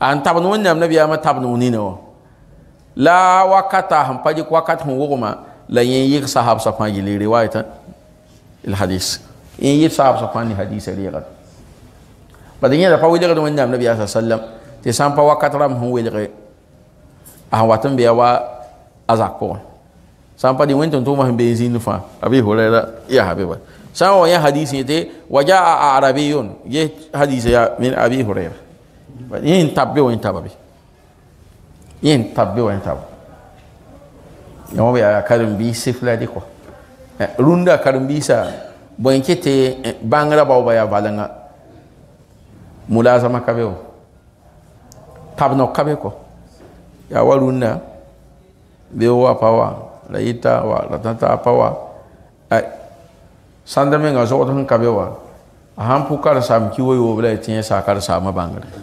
an tabn wẽnnaam nabiyaamã tabn w nina wã la wakata sẽn pa dɩk wakat sẽn wʋgma la yẽ yɩg sahabsã fãa yɩl riwayatã lhadis yẽ yɩ sahabsã fãa ne hadisa rɩɩgd bad yẽda pa welgd wẽnnaam nabia sa sallam tɩ sã n pa wakat rãmb sẽn welge a sẽn wat n be a wa a zak pʋgẽ sã n pa dɩ wẽntõn tʋʋmã sẽn been zĩnd fãa abi hurayra yaa be ba sã n wa yã hadis yẽ tɩ wa jaa arabiyun ye hadisa yaa min abi hurayra yin n tab be wẽn taba be yẽ n tab be wẽn taba bi wã be yaa karen-biis sɩf la dɩkɔ rũndã karen-biisã bõe kɩ tɩ bãngrã baoobã yaa valenga mulazama ka be wã tab nok ka wa rũndã beo wa pa wa yita wa la tãta pa wa sãnda mengã zogd wa a sãn pʋ kiwo y'o ki wa yoob la y tẽe saa